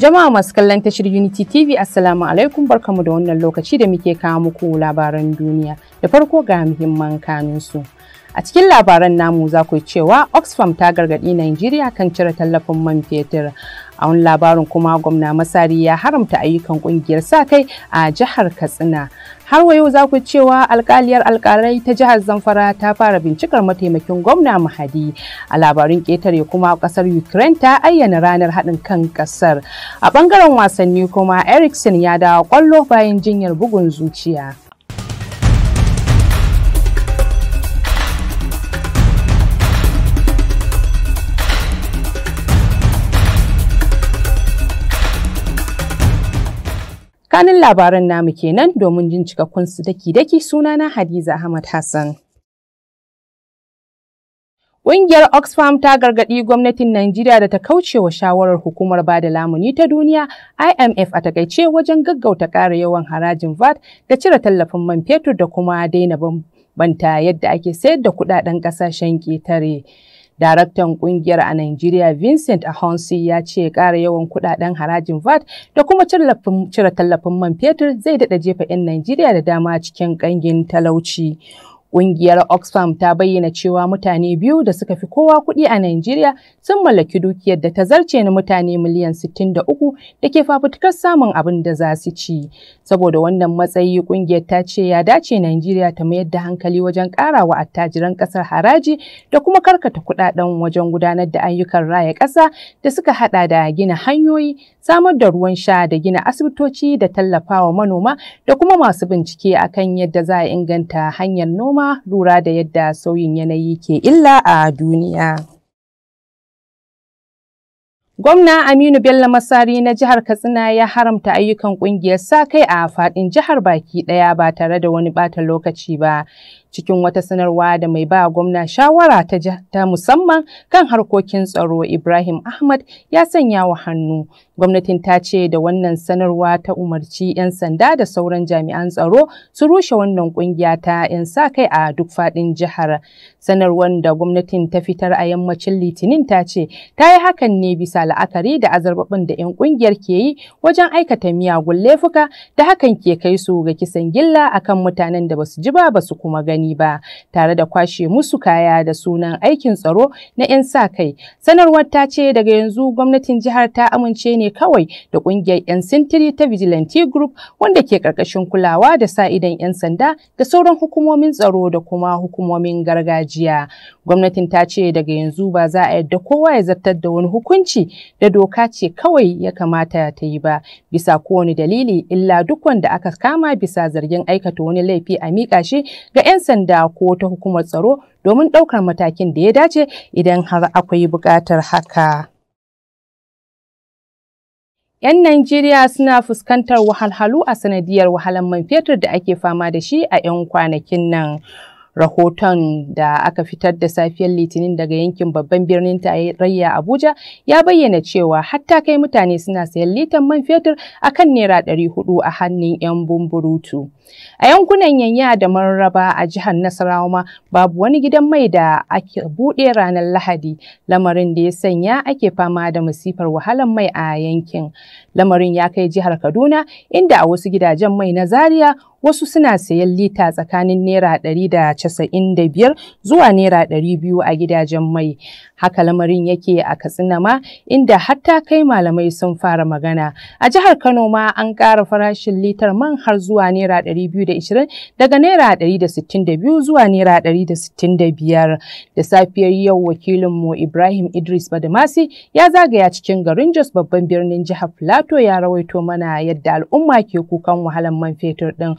Jama'a masu kallon tashar Unity TV Assalamu alaikum barkamu da wannan lokaci da muke kawo muku labaran duniya da farko ga muhimman kanunsu. A cikin labaran namu za ku cewa Oxfam ta gargaɗi Najeriya kan cire tallafin man fetur. a wani labarin kuma gwamna masari ya haramta ayyukan kungiyar sa kai a jihar katsina har wayo za ku cewa alkaliyar alkalai ta jihar zamfara ta fara bincikar mataimakin gwamna mahadi a labarin ketare kuma kasar ukraine ta ayyana ranar haɗin kan kasar a ɓangaren wasanni kuma erickson ya dawo kwallo bayan jinyar bugun zuciya Kanin labaran namu kenan domin jin cikakkun su daki-daki na Hadiza Ahmad Hassan. Ƙungiyar Oxfam ta gargaɗi gwamnatin Najeriya da ta kauce wa shawarar hukumar bada lamuni ta duniya IMF a takaice wajen gaggauta ƙara yawan harajin VAT da cire tallafin man fetur da kuma daina banta yadda ake sayar da kuɗaɗen ƙasashen ƙetare. Daraktan kungiyar a Najeriya Vincent Ahonsi ya ce ƙara yawan kuɗaɗen harajin VAT da kuma cire tallafin man fetur zai daɗa jefa 'yan Najeriya da dama cikin ƙangin talauci. Ƙungiyar Oxfam ta bayyana cewa mutane biyu da suka fi kowa kuɗi a Najeriya sun mallaki dukiyar da ta zarce na mutane miliyan 63 da ke fafutukar samun abin da za su ci. Saboda wannan matsayi ƙungiyar ta ce ya dace Najeriya ta mayar da hankali wajen ƙara wa attajiran ƙasar haraji da kuma karkata kuɗaɗen wajen gudanar da ayyukan raya ƙasa da suka haɗa da gina hanyoyi, samar da ruwan sha da gina asibitoci da tallafawa manoma da kuma masu bincike akan yadda za a inganta hanyar noma kuma lura da yadda sauyin yanayi ke illa a duniya. Gwamna Aminu Bello Masari na jihar Katsina ya haramta ayyukan kungiyar sa-kai a faɗin jihar baki ɗaya ba tare da wani bata lokaci ba. cikin wata sanarwa da mai ba gwamna shawara ta, ta musamman kan harkokin tsaro Ibrahim Ahmad ya sanya wa hannu. Gwamnatin ta ce da wannan sanarwa ta umarci 'yan sanda da sauran jami'an tsaro su rushe wannan kungiya ta 'yan sa kai a duk faɗin jihar. Sanarwar da gwamnatin ta fitar a yammacin Litinin ta ce ta yi hakan ne bisa la'akari da azarbabin da 'yan kungiyar ke yi wajen aikata miyagun laifuka da hakan ke kai su ga kisan gilla akan mutanen da basu ji ba basu kuma gani. gani ba tare da kwashe musu kaya da sunan aikin tsaro na 'yan sa kai. Sanarwar ta ce daga yanzu gwamnatin jihar ta amince ne kawai da ƙungiyar 'yan sintiri ta Vigilante Group wanda ke ƙarƙashin kulawa da sa idan 'yan sanda da sauran hukumomin tsaro da kuma hukumomin gargajiya. Gwamnatin ta ce daga yanzu ba za a yadda kowa ya zartar da wani hukunci da doka ce kawai ya kamata ta yi ba bisa kowane dalili illa duk wanda aka kama bisa zargin aikata wani laifi a miƙa shi ga 'yan sanda ko ta hukumar tsaro domin ɗaukar matakin da ya dace idan har akwai buƙatar haka. 'Yan Najeriya suna fuskantar wahalhalu a sanadiyar wahalar man fetur da ake fama da shi a 'yan kwanakin nan. rahoton da aka fitar da safiyar litinin daga yankin babban birnin tarayya abuja ya bayyana cewa hatta kai mutane suna sayan litan man fetur akan naira ɗari hudu a hannun yan bumburutu a yankunan yanya da marraba a jihar nasarawa ma babu wani gidan mai da ake buɗe ranar lahadi lamarin da ya sanya ake fama da masifar wahalar mai a yankin lamarin ya kai jihar kaduna inda a wasu gidajen mai na zaria wasu suna sayan lita tsakanin naira ɗari da casa'in da biyar zuwa naira ɗari biyu a gidajen mai Haka lamarin yake a Katsina ma inda hatta kai malamai sun fara magana. A jihar Kano ma an ƙara farashin litar man har zuwa Naira 220 daga Naira 162 zuwa Naira 165. Da safiyar yau wakilinmu Ibrahim Idris Badamasi ya zagaya cikin garin Jos babban birnin jihar Plateau ya rawaito mana yadda al'umma ke kukan wahalar man fetur ɗin.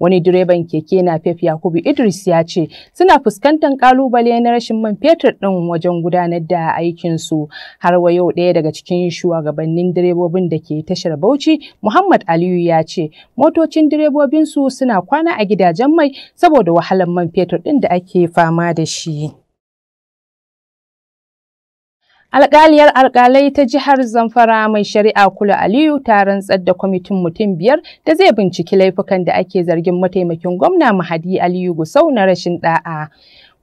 Wani direban keke na Napep Yakubu Idris ya ce suna fuskantar kalubale na rashin man fetur ɗin wajen gudanar da aikinsu. Har wa yau ɗaya daga cikin shugabannin direbobin da ke tashar Bauchi Muhammad Aliyu ya ce motocin direbobinsu suna kwana a gidajen mai saboda wahalar man fetur ɗin da ake fama da shi. Alƙaliyar alƙalai ta jihar Zamfara mai shari'a Kula Aliyu ta rantsar da kwamitin mutum biyar da zai binciki laifukan da ake zargin mataimakin gwamna Mahadi Aliyu Gusau na rashin ɗa'a.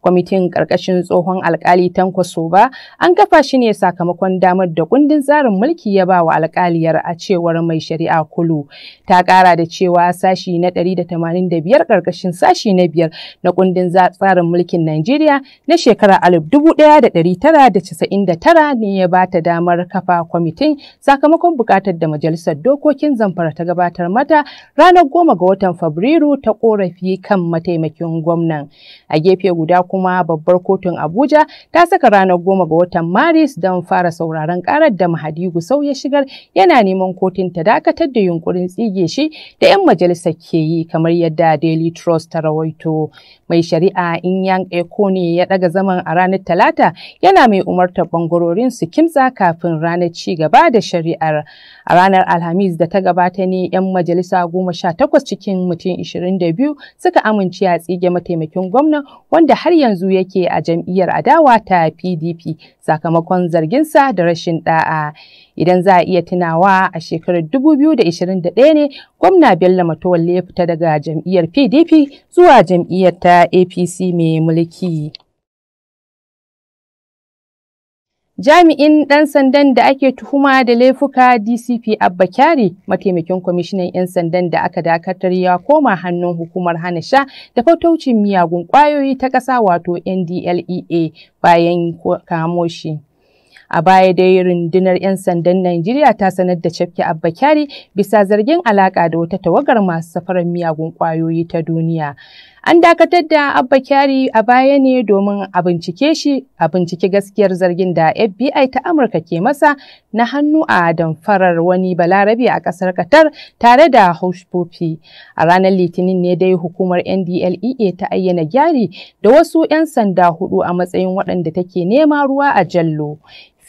kwamitin ƙarƙashin tsohon alkali Tanko Soba an kafa shi ne sakamakon damar da kundin tsarin mulki ya ba wa alkaliyar a cewar mai shari'a Kulu. Ta ƙara da cewa sashi na 185 ƙarƙashin sashi na biyar na kundin tsarin mulkin Najeriya na shekarar 1999 ne ya ba ta damar kafa kwamitin sakamakon buƙatar da Majalisar Dokokin Zamfara ta gabatar mata ranar goma ga watan Fabrairu ta ƙorafi kan mataimakin gwamnan. A gefe guda kuma babbar kotun Abuja ta saka ranar goma ga watan Maris don fara sauraron karar da Mahadigu sau ya shigar yana neman kotun ta dakatar da yunkurin tsige shi da 'yan majalisar ke yi kamar yadda Daily Trust ta rawaito. Mai shari'a Inyang Eko ne ya daga zaman a ranar Talata yana mai umartar bangarorin su kimtsa kafin ranar ci gaba da shari'ar. A ranar Alhamis da ta gabata ne 'yan majalisa goma sha takwas cikin mutum ishirin da biyu suka amince a tsige mataimakin gwamna wanda har yanzu yake a jam'iyyar adawa ta PDP sakamakon zarginsa da rashin ɗa'a. Idan za a iya tunawa a shekarar 2021 ne gwamna Bello Matowalle ya fita daga jam'iyyar PDP zuwa jam'iyyar ta APC mai mulki. Jami'in ɗan sandan da ake tuhuma da laifuka DCP Abba Kyari, mataimakin kwamishinan 'yan sandan da aka dakatar ya koma hannun hukumar hana sha da fataucin miyagun ƙwayoyi ta ƙasa wato NDLEA bayan kamo shi. A baya dai rundunar 'yan sandan Najeriya ta sanar da cafke Abba Kyari bisa zargin alaƙa da wata tawagar masu safarar miyagun ƙwayoyi ta duniya. An dakatar da Abba Kyari a baya ne domin a bincike shi a bincike gaskiyar zargin da FBI ta Amurka ke masa na hannu a damfarar wani balarabe a ƙasar Qatar tare da hushbofi. A ranar Litinin ne dai hukumar NDLEA ta ayyana Gyari da wasu 'yan sanda hudu a matsayin waɗanda take nema ruwa a jallo.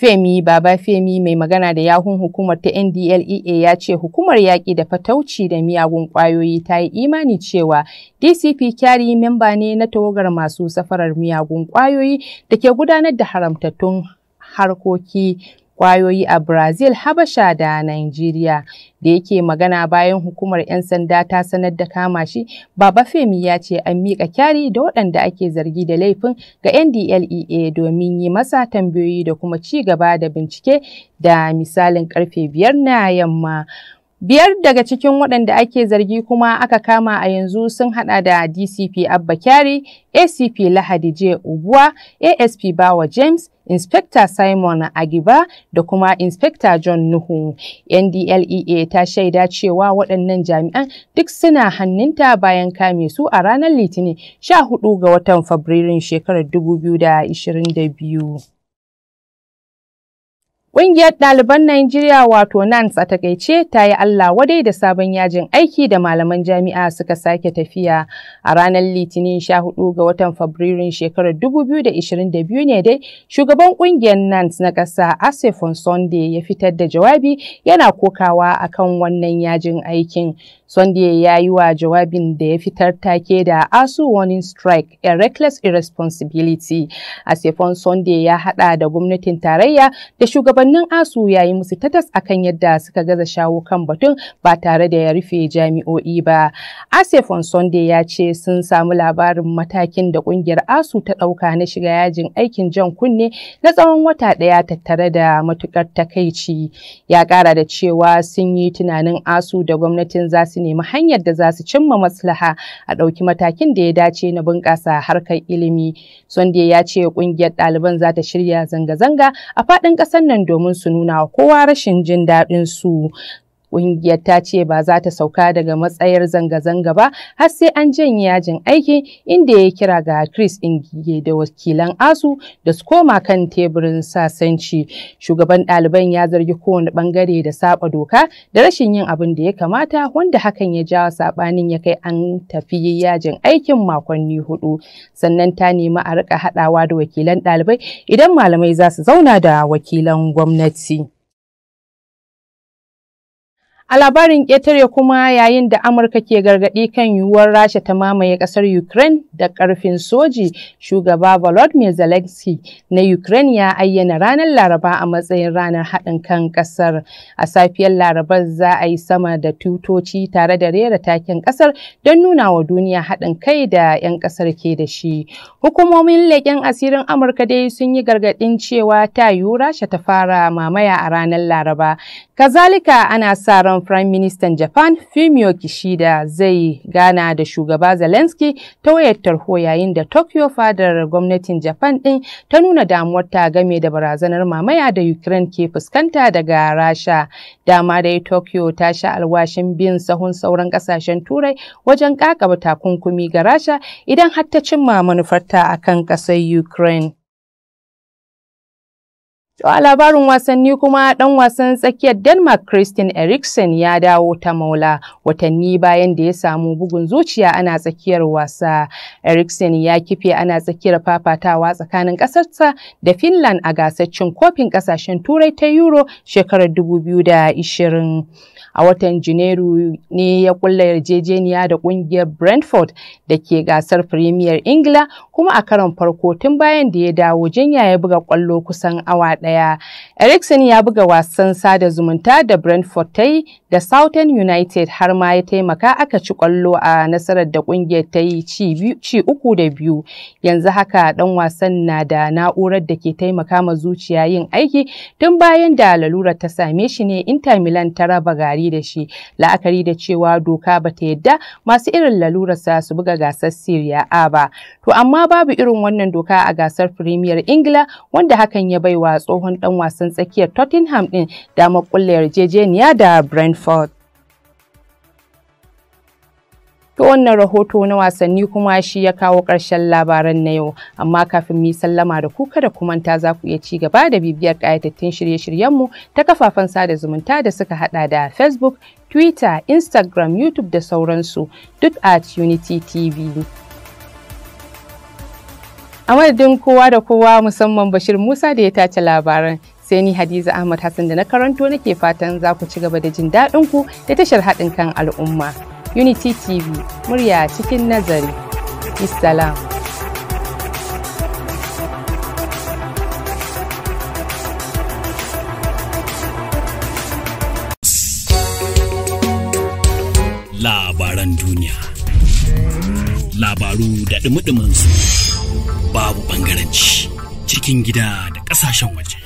Femi Baba Femi mai magana da yahun hukumar ta NDLEA ya ce hukumar yaƙi da fatauci da miyagun ƙwayoyi ta yi imani cewa DCP Kyari memba ne na tawagar masu safarar miyagun ƙwayoyi da ke gudanar da haramtattun harkoki kwayoyi a Brazil, Habasha da Nigeria. Da yake magana bayan hukumar 'yan sanda ta sanar da kama shi, Baba Femi ya ce an miƙa kyari da waɗanda ake zargi da laifin ga NDLEA domin yi masa tambayoyi da kuma ci gaba da bincike da misalin karfe biyar na yamma. Biyar daga cikin waɗanda ake zargi kuma aka kama a yanzu sun haɗa da DCP Abba Kyari, ACP Lahadi J. Ubuwa, ASP Bawa James, Inspector Simon Agiba da kuma Inspector John Nuhu. NDLEA ta shaida cewa waɗannan jami'an duk suna hannunta bayan kame su a ranar Litinin 14 ga watan Fabrairun shekarar 2022. Ƙungiyar ɗaliban Najeriya wato NANS a takaice ta yi Allah wadai da sabon yajin aiki da malaman jami'a suka sake tafiya a ranar Litinin 14 ga watan Fabrairun shekarar 2022 ne dai shugaban ƙungiyar NANS na ƙasa Asefon Sunday ya fitar da jawabi yana kokawa akan wannan yajin aikin. Sunday ya yi wa jawabin da ya fitar take da ASU warning strike a reckless irresponsibility. sefon Sunday ya hada da gwamnatin tarayya da shugabannin ASU ya yi musu tatas akan yadda suka gaza shawo kan batun ba tare da ya rufe jami'o'i ba. sefon Sunday ya ce sun samu labarin matakin da kungiyar ASU ta dauka na shiga yajin aikin jan kunne na tsawon wata daya tattare da matukar takaici. Ya kara da cewa sun yi tunanin ASU da gwamnatin za su nemi hanyar da za su cimma maslaha a ɗauki matakin da ya dace na bunƙasa harkar ilimi. Sunday ya ce ƙungiyar ɗaliban za ta shirya zanga-zanga a faɗin ƙasar nan domin su nuna wa kowa rashin jin daɗin su. Ƙungiyar ta ce ba za ta sauka daga matsayar zanga-zanga ba har sai an janye yajin aiki inda ya kira ga Chris Ingige da wakilan ASU da su koma kan teburin sasanci. Shugaban ɗaliban ya zargi kowane ɓangare da saba doka da rashin yin abin da ya kamata wanda hakan ya jawo saɓanin ya kai an tafi yajin aikin makonni hudu. Sannan ta nemi a riƙa haɗawa da wakilan ɗalibai idan malamai za su zauna da wakilan gwamnati. A labarin ƙetare kuma yayin da Amurka ke gargaɗi kan yiwuwar Rasha ta mamaye ƙasar Ukraine da ƙarfin soji, shugaba Volodymyr Zelensky na Ukraine ya ayyana ranar Laraba a matsayin ranar haɗin kan ƙasar. A safiyar Larabar za a yi sama da tutoci tare da rera taken ƙasar don nuna wa duniya haɗin kai da 'yan ƙasar ke da shi. Hukumomin leƙen asirin Amurka dai sun yi gargaɗin cewa ta yiwu Rasha ta fara mamaya a ranar Laraba Kazalika ana sa ran Prime Minister Japan Fumio Kishida zai gana da shugaba Zelensky ta wayar tarho yayin da Tokyo fadar gwamnatin Japan ɗin ta nuna damuwarta game da barazanar mamaya da Ukraine ke fuskanta daga Rasha. Dama dai Tokyo ta sha alwashin bin sahun sauran kasashen Turai wajen kakaba takunkumi ga Rasha idan har ta cimma manufarta akan ƙasar Ukraine. To a labarin wasanni kuma ɗan wasan tsakiyar Denmark Christian Eriksen ya dawo ta maula watanni bayan da ya samu bugun zuciya ana tsakiyar wasa. Eriksen ya kife ana tsakiyar fafatawa tsakanin ƙasarsa da Finland a gasar cin kofin ƙasashen Turai ta Euro shekarar 2020. A watan Janairu ne ya kulla yarjejeniya da ƙungiyar Brentford da ke gasar Premier Ingila kuma a karon farko tun bayan da ya dawo jinya ya buga kwallo kusan awa ɗaya. Eriksen ya buga wasan sada zumunta da Brentford ta yi da Southern United har ma ya taimaka aka ci kwallo a nasarar da kungiyar ta yi ci uku da biyu. Yanzu haka 'dan wasan na da na'urar da ke taimaka ma zuciya yin aiki tun bayan da lalura ta same shi ne Inter Milan ta raba gari da shi la'akari da cewa doka bata yadda masu irin lalurarsa su buga gasar Serie A ba. To amma babu irin wannan doka a gasar Premier Ingila wanda hakan ya baiwa tsohon dan wasan tsakiyar Tottenham din damar kulla yarjejeniya da Brentford. To wannan rahoto na wasanni kuma shi ya kawo ƙarshen labaran na yau, amma kafin mu sallama da ku kada ku manta za ku iya ci gaba da bibiyar ƙayatattun shirye-shiryenmu ta kafafen sada zumunta da suka hada da Facebook, Twitter, Instagram, YouTube da sauransu duk at Unity TV. A madadin kowa da kowa musamman Bashir Musa da ya tace labaran sai ni Hadiza Ahmad Hassan da na karanto nake fatan za ku ci gaba da jin daɗin ku da tashar haɗin kan al'umma. Unity TV murya cikin nazari. islam labaran duniya. Labaru da ɗumi su babu bangaranci, cikin gida da ƙasashen waje.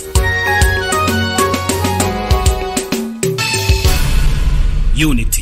Unit